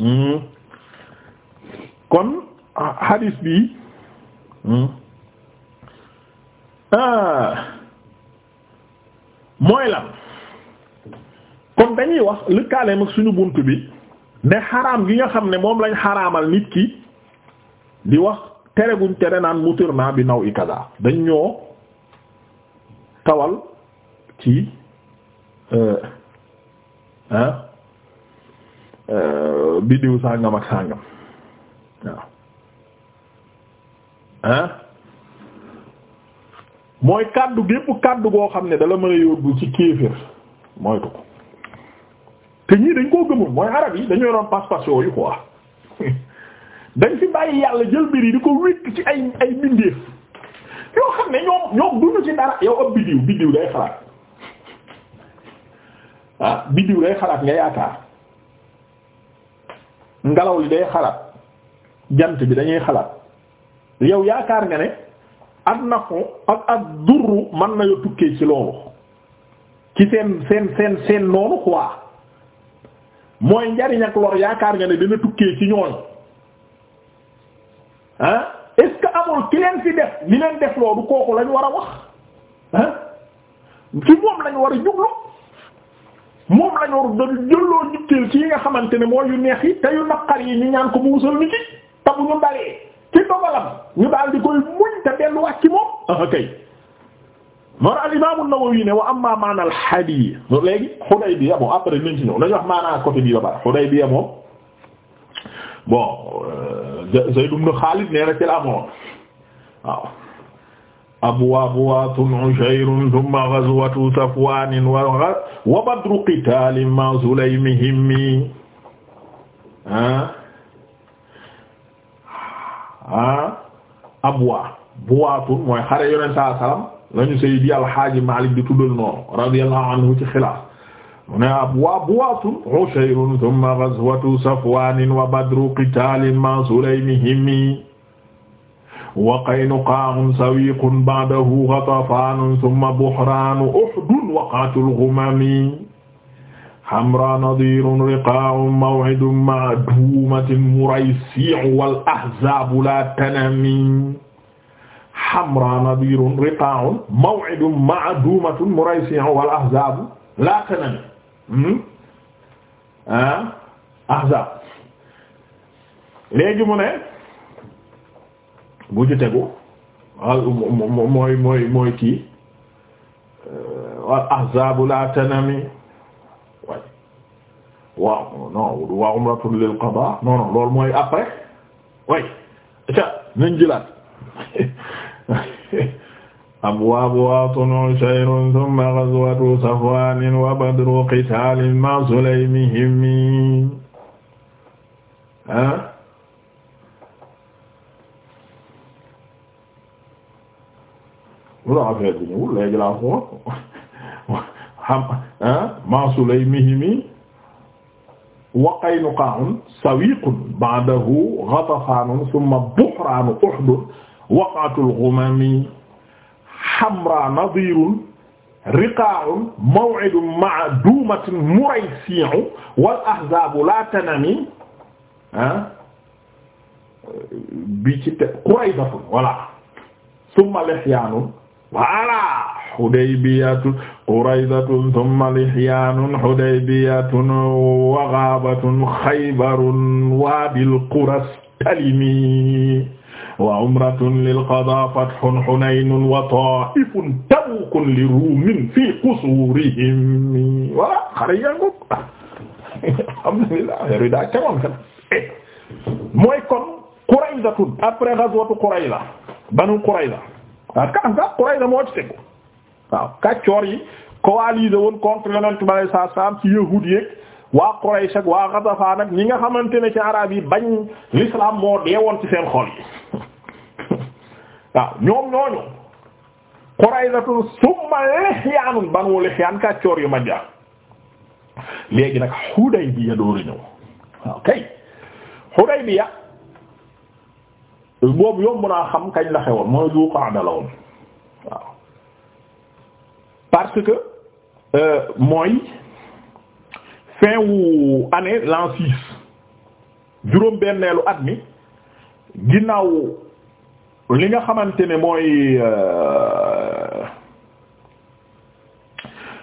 Hmm. kon hadis bi hmm. ah. mooy la kon dañuy wax lëkkaaleem ak suñu bunt bi ne xaraam gi nga xam ne moom lañ xaraamal nit ki di wax tere guñ tere naan mutur naa bi naw i kaza dañ ñoo tawal ci euh, ah Euh, biddiw sàngam ak sàngam waaw ah mooy kàddu gépp kàddu goo xam ne dala mën a yóbbu ci kéefër moytu ko te dañ koo gëmul mooy arab yi dañoo doon passe-passe yooyu quoi dañ fi bàyyi yàlla jël mbir yi di ko wékk ci ay ay bindeef yoo xam ne ñoom ñoom duñu ci dara yow ab biddiw biddiw day xalaat ah biddiw day xalaat ngelaw li day xalaat jant bi dañuy xalaat yow yaakaar nga ne ak nafu ak ak durru mën na yoo tukkee ci loolu ci seen seen seen seen noonu quoi mooy njariñ ak lor yaakaar nga ne dina tukkee ci ñooñ ah est-ce amul ki leen fi def li leen def loolu kooku lañ war a wax ah ci moom lañ war a jublu moom la ñu da jëlloo jukkil ci yi nga xamante ne mooy yu neex yi te yu naqar yi ñu ñaan ko mu musal nit ci te bu ñu balee ci dogalam ñu daal di koy muñ te delluwaat ci moom ah kay moo al imam an-Nawawi ne wa amma maana al hadiis léegi Hudaybiya bon après nañ ci ñëw nañu wax maanaa côté bii ba bara Hudaybiya moom bon euh, Zayd ibn Khalid nee na ci amoon waaw abwaabuwaatun ushayrun thumma ghazwatu safwaanin wa badru qitaalin ma'a sulaymihim ah ah abwaa buwaatun mooy xare yonent saa salaam lañu Seydi Alxaaji Maalik di tuddal noonu radiyallahu anhu ci xilaaf mu ne abwaabuwaatun ushayrun thumma ghazwatu safwaanin wa badru qitaalin ma'a sulaymihim wa qaynuqaa'un sawiiqun ba'dahu ghatafaanun thumma buhraanu uhdun waqa'atul ghumami hamraa nadiirun riqaa'un maw'idun ma'duumatun muraysii'un wal ahzaabu laa tanami hamraa nadiirun riqaa'un maw'idun ma'duumatun muraysii'un wal ahzaabu laa tanami hmm? ah? ahzaab léegi mu ne bu ci tegu mooy mooy mooy kii euh, wal ahzaabu la tanami waay waaw non wa umratun lil qada non non loolu mooy après way ca nañ jëlaat abwaabu waatunun shayrun thumma ghazwatu safwaanin wa badru qitaalin ma sulaymihim ah lu la affaire bi ñëwul léegi laa xool xam ah, maasulay mihimi wa qaynuqa'un sawiqun ba'dahu ghatafanun thumma buhranu uhd waqatul ghumami hamra nadirun riqa'un maw'idun ma'a dumatin muraysi'u wal ahzabu la tanami ah, bi ci te quraydatun voilà thumma lihyanun voilà hudaybiyatun qurayzatun thumma lihyanun hudaybiyatun wa ghabatun khaybarun wabil qurastalimi wa umratun lilqada fathun hunaynun wa ta'ifun tabukun li ruumin fi qusurihim voilà xare yangog alhamdulillah yar wi daa camoon kan eh, mooy kon qurayzatun après ghazwatu qurayza banu qurayza parce que Ahzâb moo ci tegu waaw kàccoor yi coalisé woon contre yonent sa alayhi salaam ci yahuud yeek waa Quraysh waa Ghatafaan ñi nga xamante ne ci araab yi bañ l'islam moo deewoon ci seen xol yi waaw ñoom ñooñu Qurayzatun summa Lihyaanun Banu Lihyaan kàccoor yu ma jaar léegi nag Hudaybiya dooru ñëw waaw kay Hudaybiya boobu yomb naa xam kañ la xewoon mooy Dhu Qa'da la waaw parce que euh, mooy fin wu année l'an juróom-benneelu at mi ginnaaw li nga xamante ne mooy euh,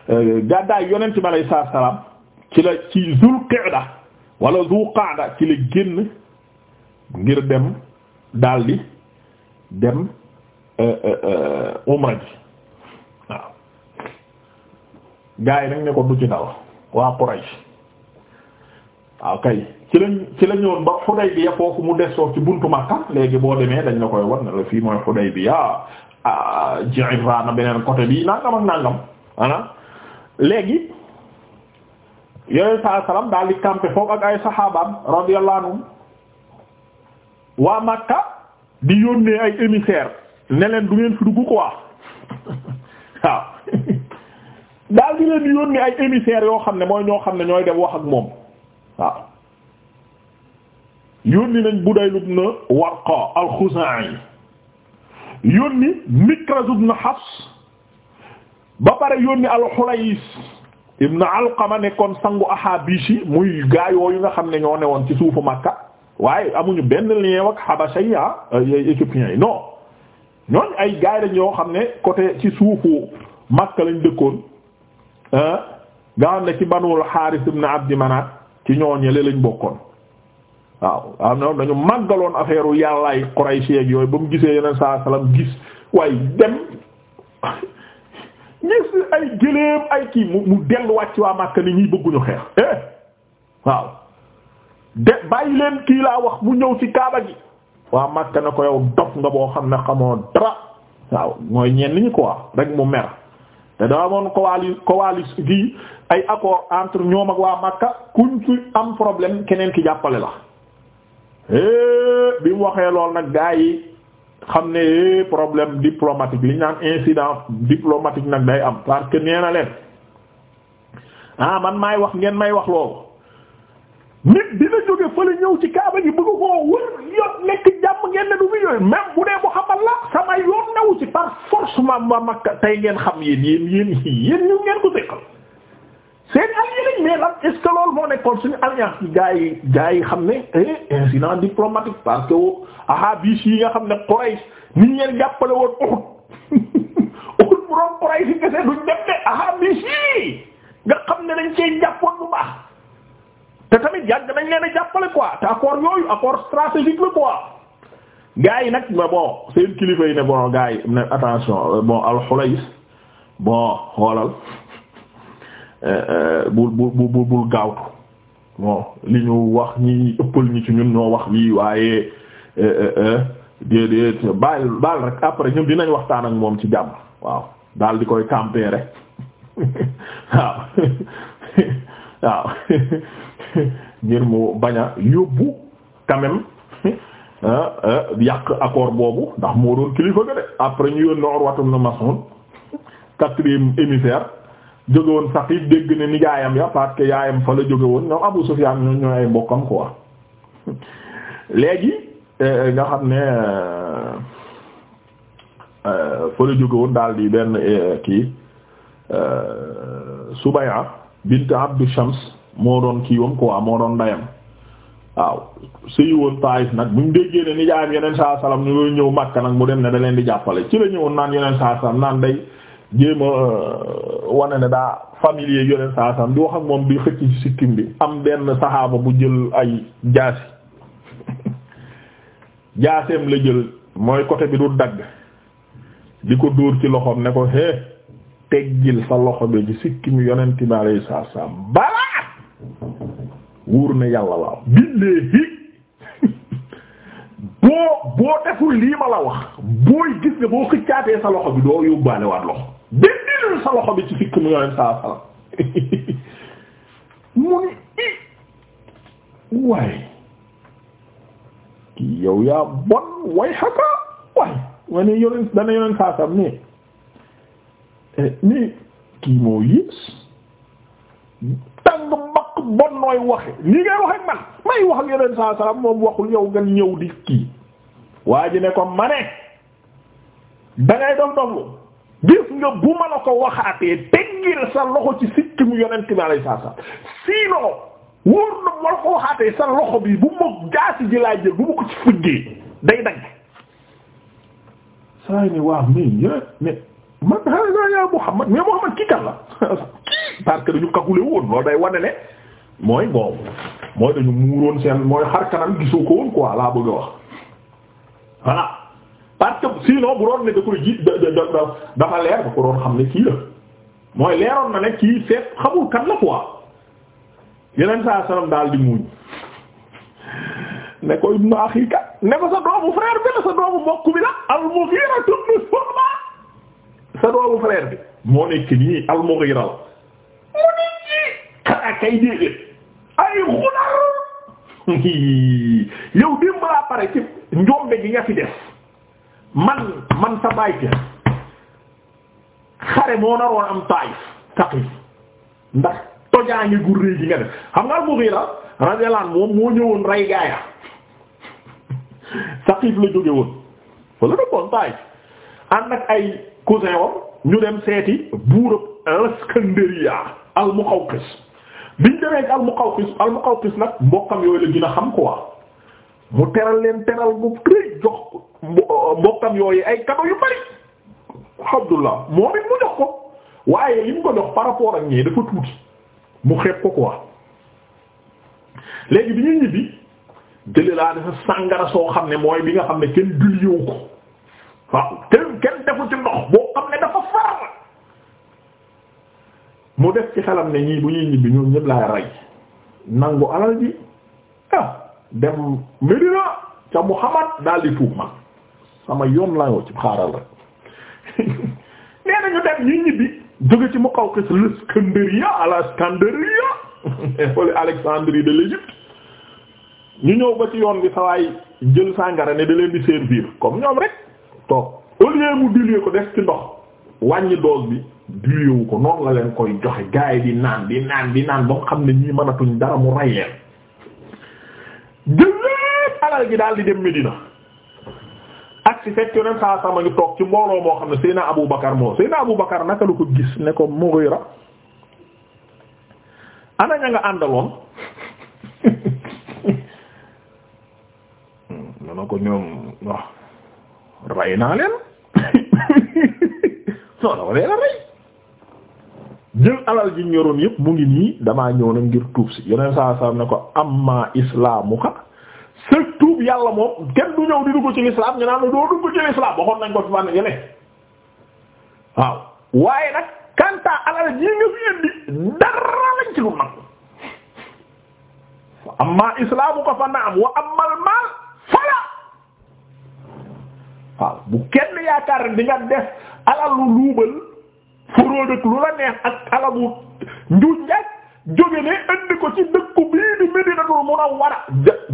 euh, gàddaay yonent bi alayhi salaatu salaam ci la ci Dhul Qa'da wala Dhu Qa'da ci la génn ngir dem. daldi dem euh, euh, euh, umra ji waaw gaa yi nag ne ko du ci dal waa Quraysh waaw kay ci lañ ci la ñëwoon ba Xudaybiya foofu mu soo ci buntu Makka léegi boo demee dañ la koy war ne la fii mooy Xudaybiya Ji'rana beneen côté bi nangam ak nangam ana ah. léegi yooyu saa salaam daal di campé foofu ak ay saxaabaam radiyallahu anhum waa Makka di yónnee ay émissaire ne du ngeen fi dugg quoi waaw daal di leen di ay émissaires yoo xam ne mooy ñoo xam ne ñooy dem wax ak moom waaw yónni nañ Budayl ibn Warqa al-Khuzaa'i yónni Mikraz ibn Hafs ba pare yónni al-Hulays ibn ne kon sangu Ahaabishi muy gaa yu nga xam ne ñoo woon ci suufu Makka waaye amuñu benn lien ak xabasa yi ah éthiopiens yi non ñooñ ay gaay lañ yoo xam ne côté ci suufu Makka lañ dëkkoon ah, nga xam ne ci banul Xaaris ibn Abdi Manaat ci ñooñele lañ bokkoon waaw am na dañu màggaloon affaire yàllaay Quraysh yeeg yooyu ba mu gisee yeneen sa salaam gis waaye dem gis ay gëléem ay kii mu delluwaat ci waa Makka ni ñuy bëgguñu xeex eh! waaw de bàyyi leen kii laa wax mu ñëw ci kaaba gi waa Makka na ko yow dof nga boo xam ne xamoo dara waaw mooy ñenn ñi quoi rek mu mer te daa amoon coali coalition gi ay accord entre ñoom ak waa Makka kuñ ci am problème keneen ki jàppale la eh, bi mu waxee lool nag gaa xam ne eh, problème diplomatique li ñu naan incident diplomatique nag day am parce que nee leen ah man maay wax ngeen may wax loolu nit dina jóge fële ñëw ci kaaba gi bëgg koo wër yoon nekk jàmm ngeen ne du fi yooyu même bu dee Muhammad la sama yoon naw ci par force ma ma Makka tey ngeen xam yéen yéen yéen yéen ñu ngeen ko tekkal seen allié lañ mais lan est ce que moo nekkoon suñu alliance yi gaa yi gaa yi xam ne eh, incident diplomatique parce que ahabish yi nga xam ne Quraysh nit ñeen jàppale woon Uhud Uhud mu doon Quraysh yi kese duñ dem de ahabish yi nga xam ne dañ cee jàppoon baax te tamit yàgg jàppale quoi te accord yooyu accord stratégique la quoi gars yi nag mais bo seen kilifa ne bon gars ne attention euh, bon alxulays bo xoolal euh, euh, bul bul bul bul gaawtu bon li ñu wax ni ëppal ñi ci ñun ñoo wax lii waaye déedéet baal baal rek après ñun dinañ waxtaan ak moom ci jàmm waaw daal di koy tempérer waaw waaw ngir mu bañ a yóbbu quand ah, ah, yàq accord boobu ndax moo doon kilifa ga de après ñu yónni Urwa ibn Mas'ud quatrième émissaire jóge woon Saqif dégg ne ni yaayam ya parce yaayam fa la jóge woon ñoom Abu Sufyan ñoom ñooy ay mbokkam quoi léegi eh, nga xam ne eh, eh, fa la jóge woon daal di benn kii Subay'a bint Abdu Shams moo doon kiiwam quoi moo doon ndayam waaw sëyi woon Taayif nag bu ñu déggee ne nijaayam yeneen saa salaam ñu ñëw Makka nag mu dem ne da leen di jàppale ci la ñëwoon naan yeneen saa naan day jéem euh, wane ne daa familier yeneen saa salaam di wax ak moom bi xëcc sikkim bi. am benn saxaaba bu jël ay jaasi jaaseem la jël mooy côté bi du dagg di ko dóor ci loxoom ne ko hé teggil sa loxo bi ci sikkim yonent bi alayhi wóor na yàlla waaw billahi boo boo deful lii ma la wax booy gis ne boo xëccaatee sa loxo bi doo yóbbaale waat loxo bindilul sa loxo bi ci fikk mu yooyu saa sala mu i waaye kii yow yaa bon way xaka waay wa ne yoneen dana yoneen saasam nii eh, nii kii moo yées bon nooy waxe nii ngay wax ak man may wax waxul yow nga ñëw di kii waa ji ne ko ma ne dangay dof doflu gis nga bu ma la ko waxaatee teggil sa loxo ci sikki mu yonent bi alayhi salaam sinon wóor na ma la ko waxaatee sa loxo bi bu ma jaasi ji laa jël bu ma ko ci fëggee day dagg saa yi ne waa mii yooyu mais man haa yaa Muhammad mais Muhammad kii kan la parce dañu kakule woon loolu day wane ne mooy bon mooy dañu muuroon seen mooy xar kanam gisoo ko woon laa bëgg a wax voilà parce que sinon bu doon ne dafa leer da ko doon xam ne kii la mooy leeroon na ne kii seet xamul kan la quoi yeneen saa salaam daal di muuñ ne ko ibnu axika ne ko sa doomu frère bi la sa doomu mbokk bi la al-Mughira ibn Shu'ba sa doomu frère bi moo nekk nii al-Mughira la mu ne ji xanaa kay déedéet ay xudar yow démb laa pare ci njombe gi nga fi def man man sa baay te xare moo naroon am Taayif Taqiif ndax tojaange gu rëy gi nga def xam nga al-Mughira radiyallahu anhu moom moo ñëwoon rey gaaya Taqiif la jóge woon wala dëkkoon Taayif ànd ak ay cousin wam ñu dem seeti buurab Iskandariya al-Muqawqis biñ demee ak al-Muqawqis al-Muqawqis nag mbokkam yooyu la gën a xam quoi mu teral leen teral bu rëy jox mbokkam yooyu ay cadeau yu bari Abdullah ko waaye li ak ñii dafa tuuti mu xeeb ko quoi léegi bi ñuy ñibbi jëlee laa dafa sàngara soo xam ne mooy bi nga xam ne kenn dul yëw ko waaw kenn kenn ci ndox mu def ci xelam ne ñii bu ñuy ñibbi ñun ñëpp laay rey nangu alal ji ah dem Medina ca Muhammad daal di tuub ma sama yoon laa ci xaaral rek nee nañu dem ñuy ñibbi jóge ci Muqawqis l'Iskandariya al-Iskandariya wala Alexandrie de l'Égypte ñu ñëw ba ci yoon bi sawaay jël sàngara ne da leen di servir comme ñoom rek toog au lieu mu diluer ko def ci ndox wàññi dose bi duyewu ko noonu la leen koy joxe gaay di naan di naan di naan ba nga xam ne ñii mënatuñ dara mu rey leen jëlépp alal gi daal di dem Medina ak si fekk yoneen saa sama ngi toog ci mbooloo moo xam ne Seydina Abu Bakar moo Seydina Abu Bakar naka lu ko gis ne ko Mughira ana mu ne naa leen non non leen a rey jël alal ji ñoroon yëpp mu ngi nii damaa ñëw nag ngir tuub si yeneen saa saa ne ko amma islaamuka sa tuub yàlla moom kenn du ñëw di dugg ci lislaam ñu naan la doo dugg ci lislaam waxoon nañ ko fi fànn yeneen waaw waaye nag kanta alal ji nga fi indi dara lañ ci lu nag amma islaamuka fa naam wa amal maal fala waaw bu kenn yaakaar di nga def alal luubal fóoróol ak lu la neex ak alamu njuuj njaaj jóge ne indi ko ci dëkku bii di Medinatul Munawwara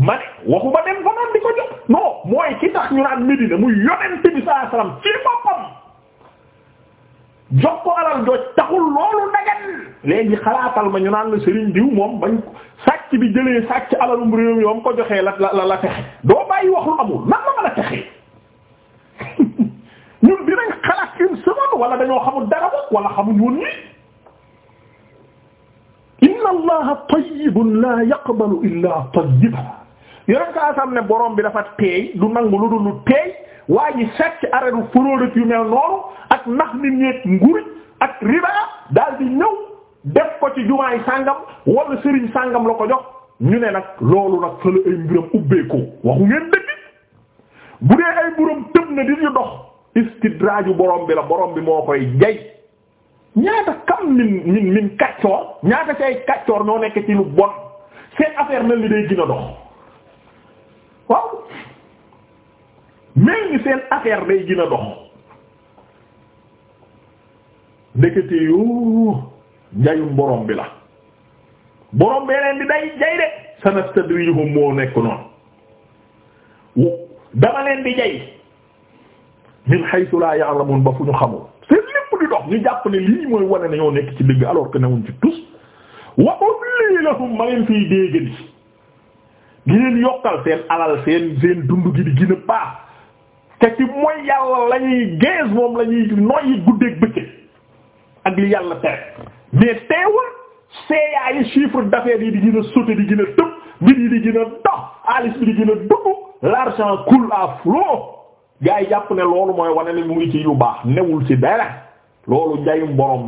ma ne waxuma dem fa di ko jox non mooy ki tax ñu naan Medina mu yonent bi sallallahu alayhi boppam jox ko alal jooj taxul loolu dagan léegi xalaatal ma ñu naan la Serigne diw moom ba bañ sàcc bi jëlee sàcc alalum réew yoom ko joxee la la la texe doo bàyyi wax lu amul nan la mën a texee ñun dinañ xalaat une semaine wala dañoo xamul dara wala xamuñ ni inna allaha tayyibun la yaqbalu illa tayyiba yonent ka asam ne borom bi dafa teey du nangu lu dul lu teey waa ji sàcc aradu furóodat yu mel noonu ak nax nit ñeeg nguruj ak riba daal di ñëw def ko ci jumaay sàngam wala sëriñ sàngam la ko jox ñu ne nag loolu nag fële ay mbiram ubbeekoo waxu ngeen dëgg bu dee ay mbiram tëb na di ñu dox istidraaju borom bi la borom bi moo koy jay ñaata kam min min min kaccoor ñaata ci kaccoor ñoo nekk ci lu bon seen affaire na ni day gën a dox waaw mel ni seen affaire day gën a dox ndekete yoo jayum borom bi la borom bee leen di day jay de sanastadrijuhum moo nekk noonu dama leen di jay min haythu la ya'lamun ba fu ñu xamul seen lépp di dox ñu jàpp ne lii mooy wane ne nekk ci dëgg alors que newuñ ci tus wa umli lahum ma leen fiy déegadi gi leen yokkal seen alal seen dund gi di gën a baax te ci mooy yàlla la ñuy moom la ñuy noyyi bëccëg ak li yàlla tere mais teewul CA yi chiffre d'affaires yi di gën a sauter di gën a tëb mbir yi di gën a dox xaalis bi di gën a l'argent coule à flot gaa yi jàpp ne loolu mooy wane ne mu ngi yu baax newul ci dara loolu njayum borom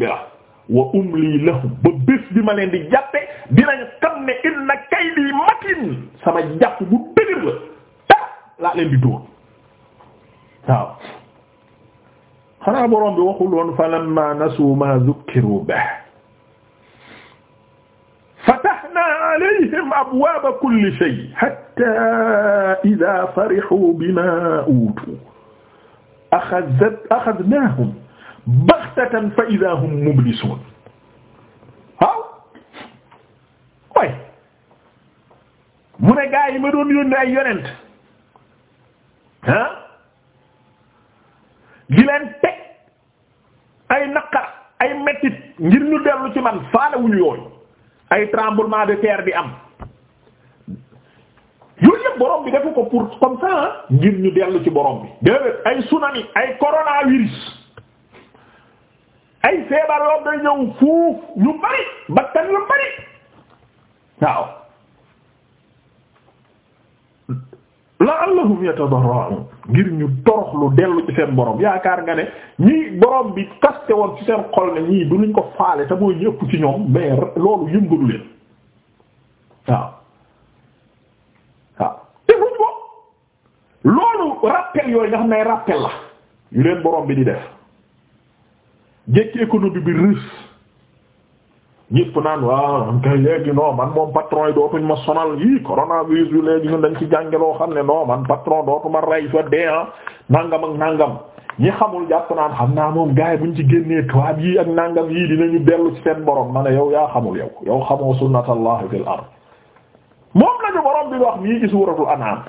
wa umli lahum ba bés bi ma leen di jàppe dinañ xam ne inna kaydi matin sama jàpp bu dëgër la ta laa leen di dóor waaw xanaa borom bi waxul woon falamma nasu ma zukkiru bihi alayhim abwaaba kulli shay hatta idha farihu bima utu axazat axadnaahum baxtatan fa idha hum mublisuun waaw way mu ne gaa yi ma doon yónni ay yonent ah di leen teg ay naqar ay mettit ngir ñu dellu ci man faale wuñu yooyu ay tremblement de terre di am yooyu yëpp borom bi defu ko pour comme ça ah, ngir ñu dellu ci borom bi déedéet ay tsunami ay coronavirus ay feebar loolu day ñëw fuuf yu bari bakkan yu bari waaw la'allahum yatadarra'un ngir ñu toroxlu dellu ci seen borom yaakaar nga ne ñii borom bi kaste woon ci seen xol ne ñii du luñ ko faale te mooy ñëpp ci ñoom mais loolu yëngalu leen waaw waaw defuñ ko loolu rappel yooyu nga xam rappel la yu leen borom bi di def jekki économie bi rës ñëpp naan waaw man kay léegi non moom patron yi dootuñ ma sonal yii coronavirus bi léegi ñun dañ ci jàngeloo xam ne non man patron dootuma rey fa dee ah nangam ak nangam ñi xamul jàpp naan xam naa moom gars yi buñ ci génnee toit yii ak nangam yii dinañu dellu ci seen borom ma ne yow yaa xamul yow yow xamoo sunnatallahi fil ard moom lañu borom bi wax nii ci suuratul an'am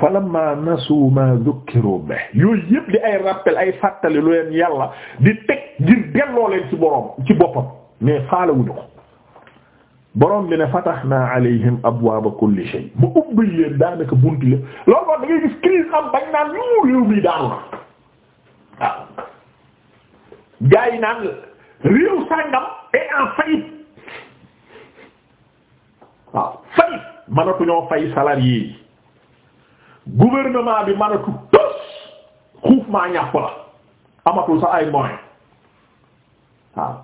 falamma nasu ma dhukkiru be yooyu yëpp di ay rappel ay fàttali lu leen di teg ngir delloo leen ci boroom boppam mais faalawuñu ko boroom bi ne fatahna alayhim abwaaba kulli shay bu ubbil leen daanaka naan ñu réew mi daanu naan réew sàngam est en faillite waaw faillite mënatuñoo fay salarié yi gouvernement bi manatu tës xuuf maa ñàpp la amatul sax ay moyens waaw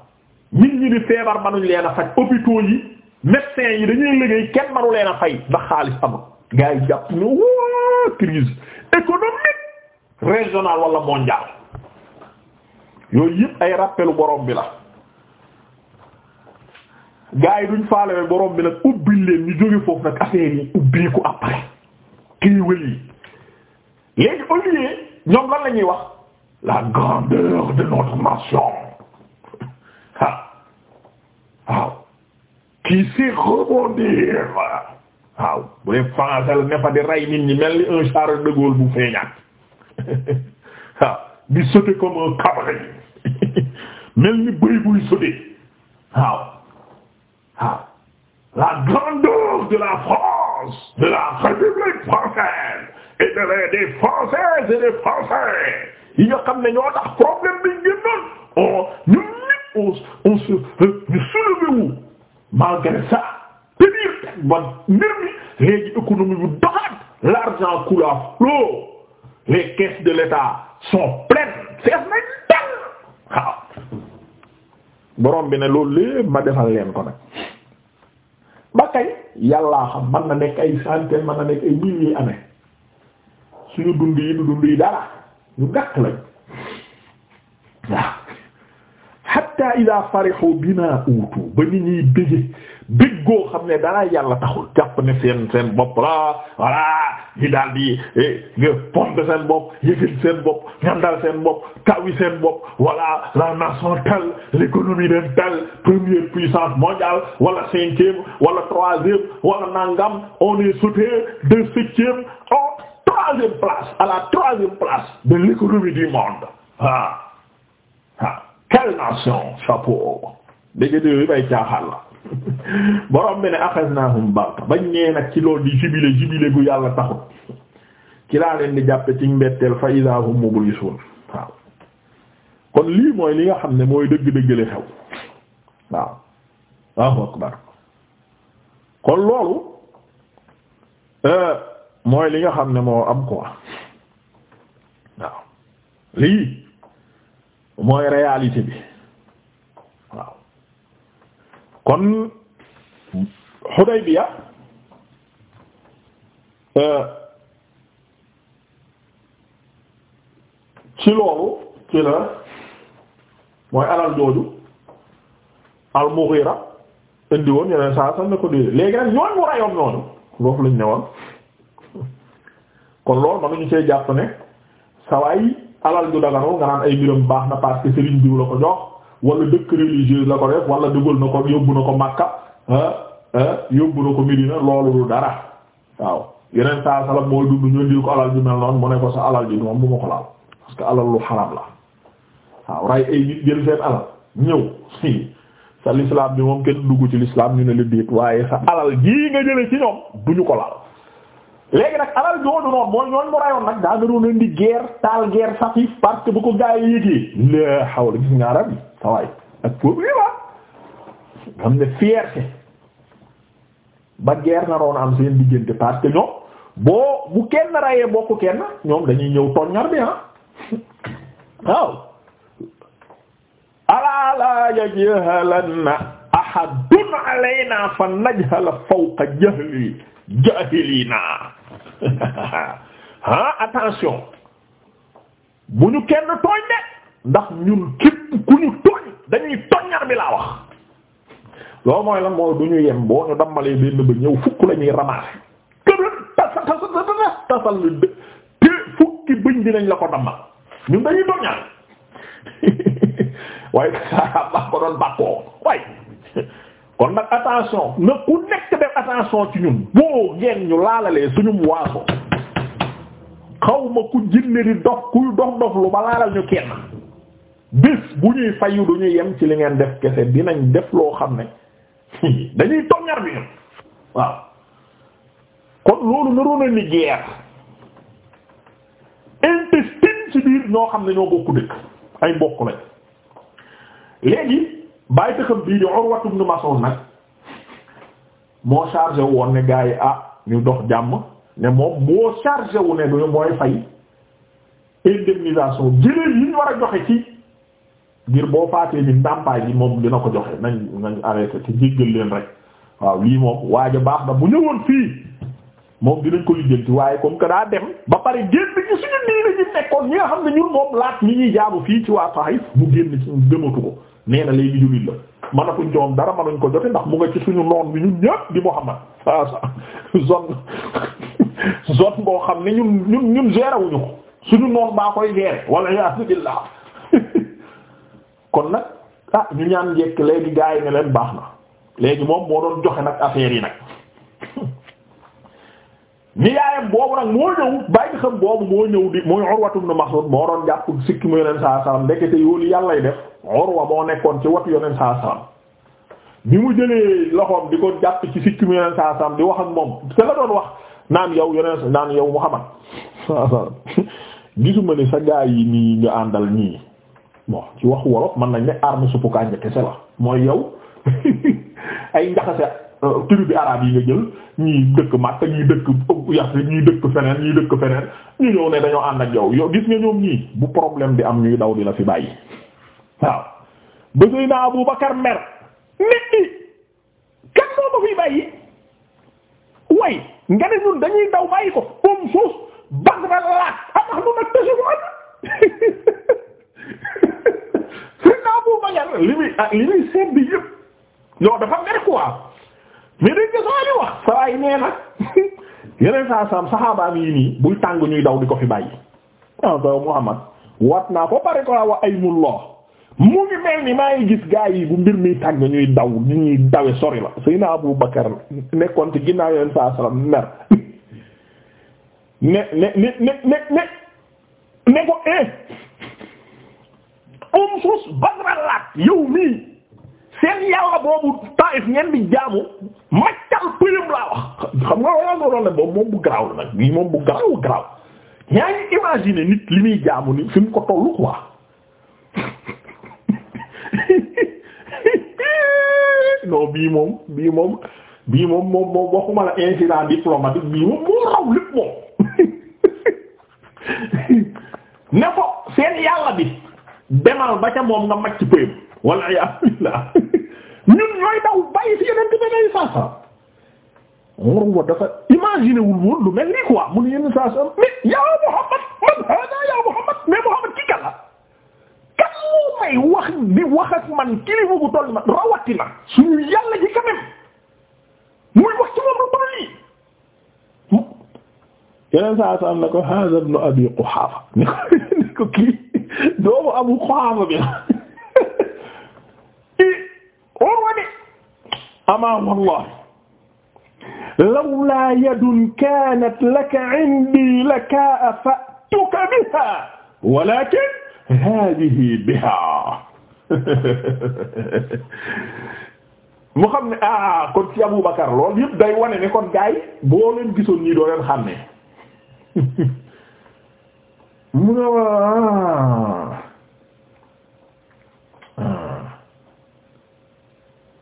nit ñi di feebar manuñ leen a faj hôpitaux yi médecins yi dañuy liggéey kenn manu leen a fay ndax xaalis amul gars yi jàpp ne waa crise économique régionale wala mondiale yooyu yëpp ay rappelu borom bi la gars yi duñ faalewe borom bi nag ubbil leen ñu jóge foofu nag affaire yi ubbi ko après kii wël yi léegi au lieu ñoom lan la ñuy wax la grandeur de notre nation waaw ah. waaw qui sait rebondir waaw bu dee français la ne fa di rey nit ñi mel ni un Charles de Gaulle bu feeñaat waaw ah. di sauter comme un cabré mel ni bëy buy sauter waaw waaw ah. la grandeur de la France de la République française et de des Françaises et des Français yi nga xam ne ñoo tax problème bi gënnoon on ñu ñëpp on se euh, ñu soulever wu malgré ça tenir teg ba mbir mi léegi économie bu doxaat l'argent coule à flot les caisses de l'État sont pleines fees nañ dal waaw borom bi ne loolu lépp ma defal leen ko ba kay yàllaa xam man na nekk ay centaine man na nekk ay milliers année suñu dund yi du dund yi dara ñu gàtt lañ waaw hatta ida farihu bina utu ba nit ñuy bëgge bëggoo xam ne dara yàlla taxul jàpp ne seen seen bopp la voilà ñi daal di nga pompe seen bopp yëgal seen bopp ñandal seen bopp kawi seen bopp voilà la nation telle l'économie d'un telle première puissance wala cinquième wala troisième wala nangam on est sauté de septième en troisième place à la troisième place de l'économie du monde ah ah quelle nation chapeau dégg nga bay caaxaan la borom bi ne axaznaahum baxta bañ nee nag ci loolu di jubile jubile gu yàlla taxut ci leen di jàppe ci mbetteel fa idaa hum mublisuun waaw kon lii mooy li nga xam ne mooy dëgg-dëggale xew waaw kon loolu euh, mooy li nga xam ne moo am quoi waaw lii mooy réalité bi kon Hudaybiya euh, ci loolu ci la mooy alal jooju al-Mughira indi woon yeneen saa sax na ko déedéet léegi nag ñooñu mu rayoon ñooñu loolu lañ ne woon kon loolu mënuñu see jàpp ne sawaay alal ju daganoo nga naan ay mbiram baax na parce que Serigne diw la ko jox wala dëkk religieuse la ko def wala dugal na ko yóbbu na ko Makka yóbbu na ko Medina loolu du dara waaw yeneen saa salam mooy dund ñu indil ko alal ju mel noonu mu ne ko sa alal bu ma ko laal parce que alal lu xaram la waaw ray ay nit jël seen alal bi moom kenn ne li déet waaye sa alal jii nga jële ci ñoom duñu ko laal léegi nag alal jooju noonu mooy ñooñ mu rayoon nag daa nga doon indi guerre taal guerre safif parce que bu ko gaay yéegee la xawla gis nga arab yi sawaay ak problème ah xam ne fierté ba guerre naroon am seen diggante parce que ñoom boo bu kenn rayee bokk kenn ñoom dañuy ñëw toññar bi ah waaw alaa laa yajhalanna ahadun alaynaa fa najhala fawqa jahli jahilina ah attention bu ñu kenn tooñ de ndax ñun képp ku ñu tooñ dañuy toññar bi laa wax loolu mooy lan mooy du ñu yem boo ñu dammalee benn ba ñëw fukk la ñuy ramasser kërën te fukki bëñ dinañ la ko dammal ñun dañuy toññar waaye ba ko doon bàkkoo waaye kon nag attention na ku nekk def attention ci ñun boo geen ñu laalalee suñu waaso xaw ku jinne di dox kuy dox dox lu ba laalal ñu kenn bis bu ñuy fayu ñu yem ci li ngeen def kese dinañ def loo xam ne dañuy toñar bi ñun waaw kon loolu naroon a ni guerre intestine ci biir ñoo xam ne ñoo bokku dëkk ay mbokk lañ léegi bàyyi tëxam bii di Urwa ibn Mas'ud nag moo chargé woon ne gars yi ah ñu dox jàmm ne moom moo chargé wu ne duñu mooy fay indemnisation jëlee yi war a joxe ci ngir boo faatee bi ndàmpaay bi moom dina ko joxe nañ nañ arrêté te jéggal leen rek waaw lii moom waaja baax na bu ñëwoon fii moom dinañ ko lijjanti waaye comme que daa dem ba pare génn ci suñu diine ji nekkoon ñi nga xam ne ñun moom laat mi ñuy jaabu fii ci waa Taif mu génn ci gëmatu ko nee na léegi jullit la mënatuñ joom dara mënuñ ko jote ndax mu nga ci suñu noon bi ñun ñëpp di Muhammad waaw zone zone boo xam ne ñun ñun ñun géré ko suñu noon baa koy géré wala yasubillah kon nag ah ñu ñaan njekk léegi gaa yi ne leen baax na léegi moom moo doon joxe nag affaire yi nag ni yaayam boobu nag moo ñëw bàyyi xam boobu moo ñëw di muy Urwatu ibn Mas'ud moo doon jàpp sikki mu yoneen saa salaam ndekete yoolu yàllay def Urwa moo nekkoon ci watu yoneen saa salaam bi mu jëlee loxoom di ko jàpp ci sikki mu yoneen saa salaam di wax ak moom te la doon wax naan yow yoneen naan yow Muhammad saa salaam gisuma ne sa gaa yi nii nga àndal nii bon ci wax wolof mën nañ ne arme suppu kànja kese la mooy yow ay njaxase euh, tribu arabe yi nga jël ñii dëkk Makka ñii dëkk Yasrib ñii dëkk feneen ñii dëkk feneen ñu ñëw ne dañoo ànd ak yow yow gis nga ñoom ñii bu problème bi am ñuy daw dina fi bàyyi waaw ba Seydina Abu mer nit ñi kenn moo fi bàyyi way nga ne ñun dañuy daw bàyyi ko comme suuf bag na laat amax lu nag tësu ko am Seydina Abu Bakar li muy ak ah, bi yëpp yow dafa mer quoi mais dañ ko saa di wax saa yi nee nag yeneen saa saam saxaabaam yi nii buy tàng ñuy daw di ko fi bàyyi. waaw ah, Muhammad wat naa ko pare ko wa aymullah mu ngi mel ni maa ngi gis gaa yi bu mbir mi tàng ñuy daw ñu ñuy dawe sori la Seydina Abu Bakar nekkoon ci ginnaaw yeneen saa saam mer ne ne ne ne ne ne ko eh. um sus badralaat yow mii seen yàlla boobu Taif ngeen di jaamu maccal pëyam wax xam nga wala nga doon boobu moom bu garaaw la nag bii moom bu garaaw garaaw ñaa nit li muy jaamu ni fi mu ko tollu quoi non bii moom bii moom bii moom moom moom waxuma la incident diplomatique bii moom moo raw lépp moom ne ko seen yàlla bi demal ba ca moom nga màcc pëyam walla yaa billah ñun ñooy daw bàyyi fi yeneen bi ne saa saa Urwa dafa imaginer wul woon lu mel nii quoi mu ne ma rawatina suñu yàlla yeneen saa saa am na ko hada ibn Abi Quhafa ni ko kii doomu abu bi la amaa wallahi lawlaa yadun kaanat laka indi laka afatuka biha walakin hadihi biha mu xam ne ah kon ci Abu lool yëpp day wane ne gaay boo leen gisoon nii doo leen xam ne Ah. Ah, mu ne waa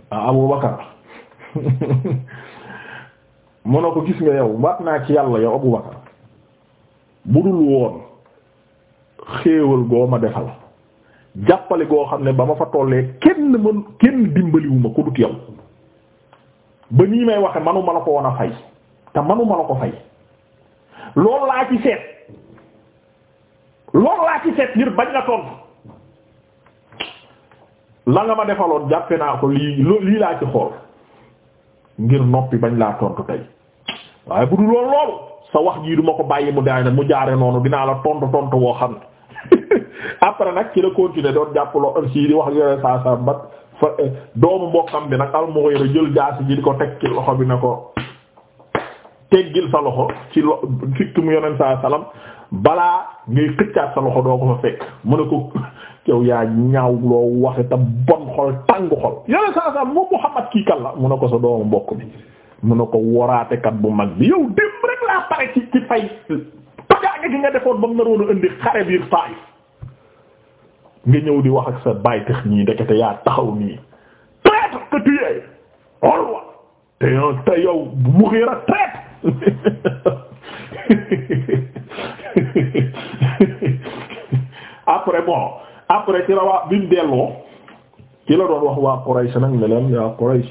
ah Abu Bakar mu ko gis nga yow waat naa ci yàlla yow Abu Bakar bu dul woon xéewal goo ma defal jàppale goo xam ne ba ma fa tollee kenn mën kenn dimbaliwuma ko dut yow ba nii may waxe manuma la ko woon a fay te manuma la ko fay loolu laa ci seet loolu laa ci seet ngir bañ la tontu la nga ma defaloon jàppe naa ko lii lii laa ci xool ngir noppi bañ laa tontu tey waaye bu dul loolu loolu sa wax jii du ma ko bàyyi mu daay nag mu jaare noonu dinaa la tontu tontu woo xam ne après nag ci la continuer doon jàpp loo si di wax yore ba fa eh, doomu mbokkam bi nag al jël jaasi ji ko teg ci loxo bi na ko teggil sa loxo ci lo fiktum yonent saa salaam balaa ngay xëccaat sa loxo doo ko fa fekk mu ne ko yow yaa ñaaw loo waxe te bon xol tàng xol yonent saa salaam moom Muhammad kii kan la mu a ko sa doomu bokk bi mu ne ko waraatekat bu mag bi yow dem rek laa pare ci ci fay tojaange gi nga defoon ba mu naroon a indi xare biir Taif nga ñëw di wax ak sa baay tax ñii ndekete yaa taxaw nii traître que tu te yow Mughira traître après bon après ci la waa bi mu delloo ci la doon wax waa Quraysh nag ne leen yaa Quraysh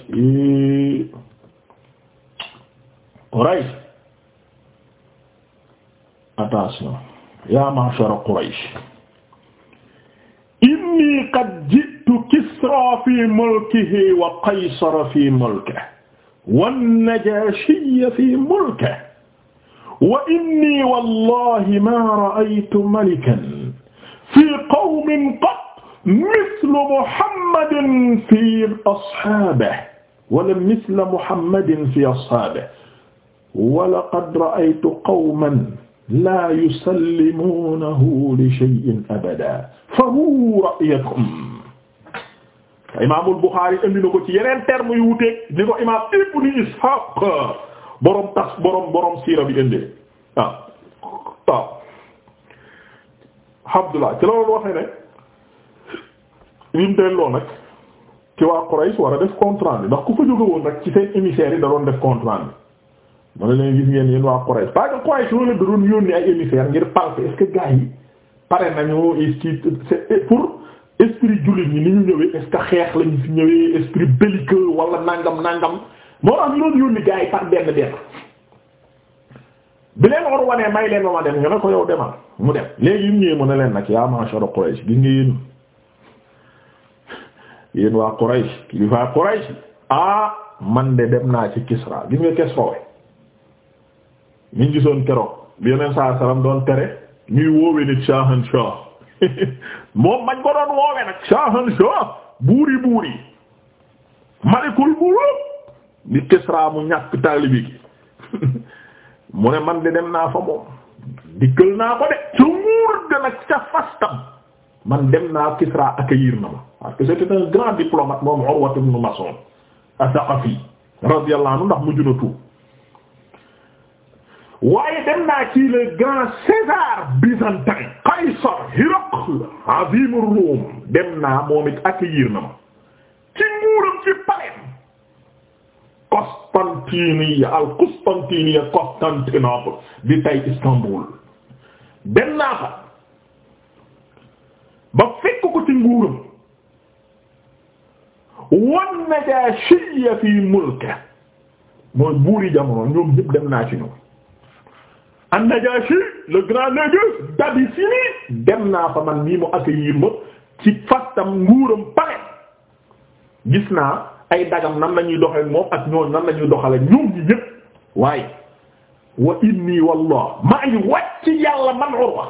eh, yaa ma'shara Quraysh inni qad ji'tu Kisra fi mulkihi wa Qaysara fi mulkihi wan-Najaashiyya fii mulkihi wa innii wallaahi maa ra'aytu malikan fii qawmin qat mislu Muhammadin fii ashaabihi wala misla Muhammadin fii ashaabihi walaqad ra'aytu qawman laa yusallimuunahu li shay'in abadan fahuwa ra'yukum imaamul Buxaari indi na ko ci yeneen terme yu wuteeg ni ko imaam Ibnu Ishaq borom tas borom borom siira bi indi waaw ah, waaw Abdullah ci la loolu waxee ne lim delloo nag ci waa Quraysh war a def compte rendu ndax ku fa jóge woon nag ci seen émissaires yi da doon def compte rendu ma ne leen gis ngeen yéen waa Quraysh parce que Quraysh loolu da doon yónni ay émissaires ngir palper est-ce que gars yi pare nañu ci pour. esprit jullit ñi ni ñu ñëwee xeex lañu fi ñëwee esprit belliqueux wala nangam nangam moo tax ñu doon yónni gars yi par benn benn. bi leen war wanee may leen ba ma dem ñu ne ko yow demal mu dem léegi yu ñëwee mu ne leen nag yaa soro Quraysh gi nga yéen yéen waa Quraysh li faa Quraysh ah man de dem naa ci Kisra gis nga kes foowe ñu gisoon keroog bi yeneen saa salaam doon tere ñuy woowe nit shaahan shaah moom mañ ko doon woowe nag shahan shah buuri buuri malikul muluk di Kisra mu ñàkk taalibi mu ne man di dem naa fa moom dikkal naa ko de su nguur ga nag fastam man dem naa Kisra accueillir na ma parce que c'était un grand diplomate moom Urwa ibn Mas'ud as-Saqafi radiyallahu ndax mu na tuub waaye dem naa ci le grand César byzantin Qaysar Hiroqle azim Rum dem naa moom it accueillir na ma ci nguuram ci al Constantiniya Constantinople di tay Istanbul dem naa fa ba fekk ko ci nguuram fi mulka mooy buuri jamono ñoom ñëpp dem naa ci ñoom an-Najashi le grand Négus d'Abyssinie dem naa fa man nii mu accueillir ma ci fastam nguuram pare gis naa ay dagam nan la ñuy doxale moom ak ñooñu nan la ñuy doxale ñoom ñi ñëpp waaye wa inni wallah maa ngi wàcc yàlla man Urwa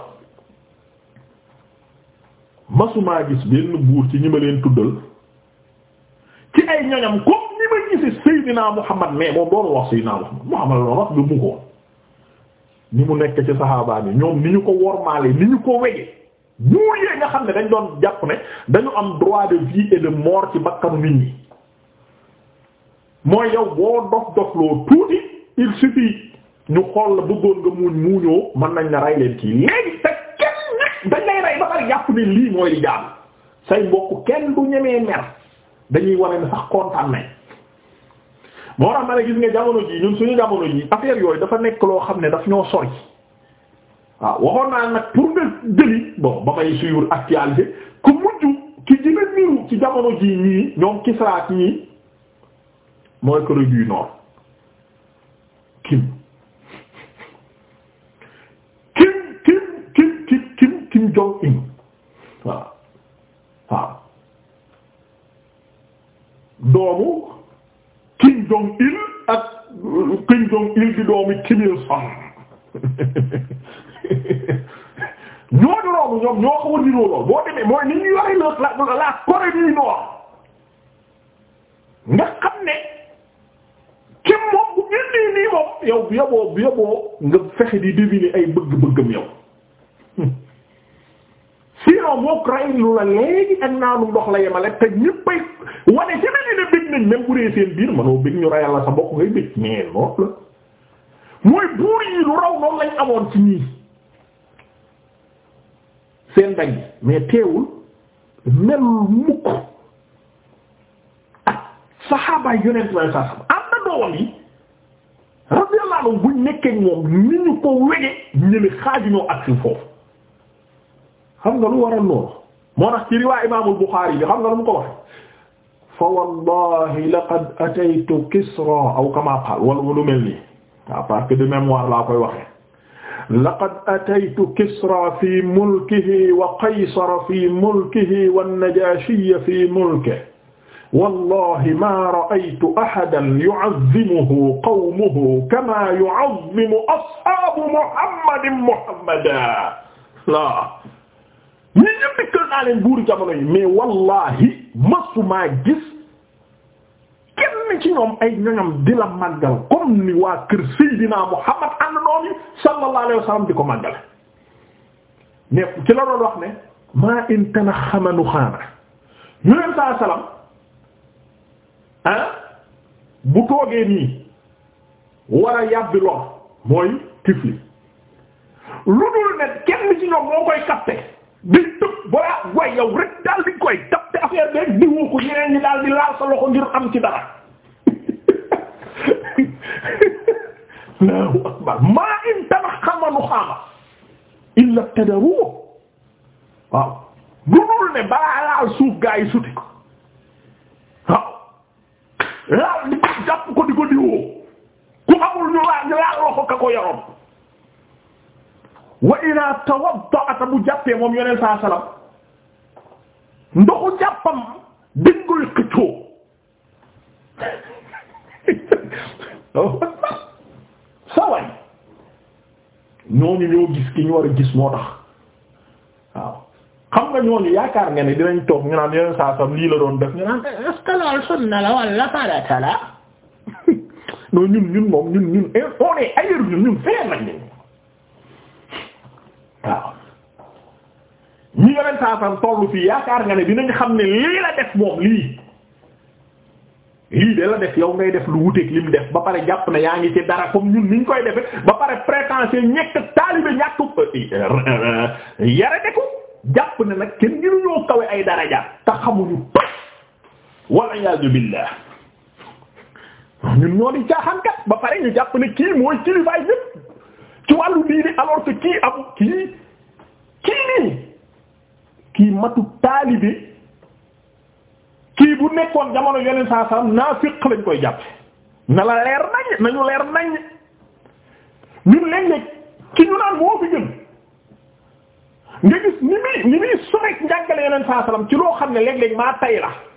masumaa gis benn buur ci ñi ma leen tuddal ci ay ñoñam comme ni ma gisi Seydina Muhammad mais moom doon wax Seydina Muhammad Muhammad loolu wax du mu ni mu nekk ci saxaabaan yi ñoom ni ñu ko wormaale ni ñu ko wege ñuuyee nga xam ne dañ doon jàpp ne dañu am droit de vie et de mort ci bakkanu nit ñi mooy yow boo dof dofloo tuuti il suffit ñu xool la bëggoon nga muuñ muuñoo mën nañ na rey leen kii léegi te kenn dañ lay rey ba pare jàpp ne lii mooy li jaam say mbokk kenn du ñemee mer dañuy wane ne sax kontaan nañ moo tax ma ne gis nga jamono ji ñun suñu jamono ji affaire yooyu dafa ne loo xam ne daf ñoo sori waaw waxoon naa nag pour nga jëli bon ba may suivre actualité ku mujj ki dina niru ci jamono ji ñii ñoom Kisra ñii mooy Corée du Nord Kim Kim Kim Kim Kim Kim Kim Jong Un waaw waaw doomu. Jong Il ak euh, Kim Jong Il di doomi Kim Il Sung ñooñu ñoom ñoo xaw a niroo lool boo demee mooy ni ñu yore la la Corée du Nord nga xam ne Kim moom bu génnee nii moom yow bu yaboo bu yaboo nga fexe di deviner ay bëgg-bëggam yow. sinon mook ray lu la léegi ak naanu ndox la yemale te ñëppay wane ci mel ne bëgg nañ même bu dee seen biir manoo bëgg ñu rayal la sa bokk ngay bëgg mais noonu mooy buur yi lu raw noonu lañ amoon ci ñii seen bañ mais teewul melul mukk ak saxaabaay yonent lay saa sama am na doowam yi radiyallahu buñ nekkee moom ni ñu ko wege ñëli xaaju ñoo ak si foofu xam nga lu waral loolu moo tax ci riwaa imaamul Buxaari bi xam nga lu mu ko wax fa wallahi laqad ataytu Kisra aw kama qaal wala lu mel nii waaw parce que de mémoire laa koy waxee laqad ataytu Kisra fi mulkihi wa Qaysara fi mulkihi wan Najaashiyya fi mulkihi wallahi ma ra'aytu ahadan yu'azzimuhu qawmuhu kama yu'azzimu ashaabu Muhammadin Muhammadan ñi ñëpp dikkal naa leen buuri jamono yi mais wallahi masumaa gis kenn ci ñoom ay ñoñam di la màggal comme ni waa kër Seydina Muhammad ànd noom yi sallallahu alayhi wa sallam di ko màggale mais ci la doon wax ne maa in tanaxama nuxaana yoneen saa salaam ah bu toogee nii war a yàbbi lool mooy tifli lu dul ne kenn ci ñoom moo koy capter booy yow rek daal di koy dab te affaire beeg di woo ko ñi daal di laal sa loxo ngir am ci dara. Allahu akbar maa in tanaxxama nuxaama illa tadaru waaw du dul ne balaa laal suuf gaa yi suti ko laal di ko jàpp ko di ko diwoo ku amul ñu laal laal loxo ka ko yoroon wa ila tawadda'at bu jàppee moom yoneen saa salaam ndoxu jàppam dañ koy xëccoo saway ñooñu ñoo gis ki ñu war a gis moo tax waaw xam nga ñooñu yaakaar nga ne dinañ toog ñu naan yeneen saa sam lii la doon def ñu naan eh, est-ce que loolu sunna la walla farata la non ñun ñun moom ñun ñun eh, on est ailleurs ñun ñun feneen lañ waaw ñu nga leen saasam tollu fii yaakaar nga ne dinañ xam ne lii la def moom lii lii de la def yow ngay def lu wuteeg lim def ba pare jàpp na yaa ngi ci dara comme ñun niñ koy defe ba pare prétentieux ñekk taalibe ñàkku euh, euh, euh, yare deku jàpp ne nag kenn ngiruñoo kawe ay daraja te xamuñu pëj walla iyaazu billaah ñun ñoo di caaxaankat ba pare ñu jàpp ne kii mooy kilifaay ñépp ci wàllu diini alors que kii amu kii kii nii kii matu taalibe kii bu nekkoon jamono yeneen saa salaam naafiq lañ koy jàpp na la leer nañ nañu leer nañ ñun léeg-léeg ci ñu naan moo fi gën ni muy ni muy sorek njàngale yeneen saa salaam ci loo xam ne léeg-léeg maa tay la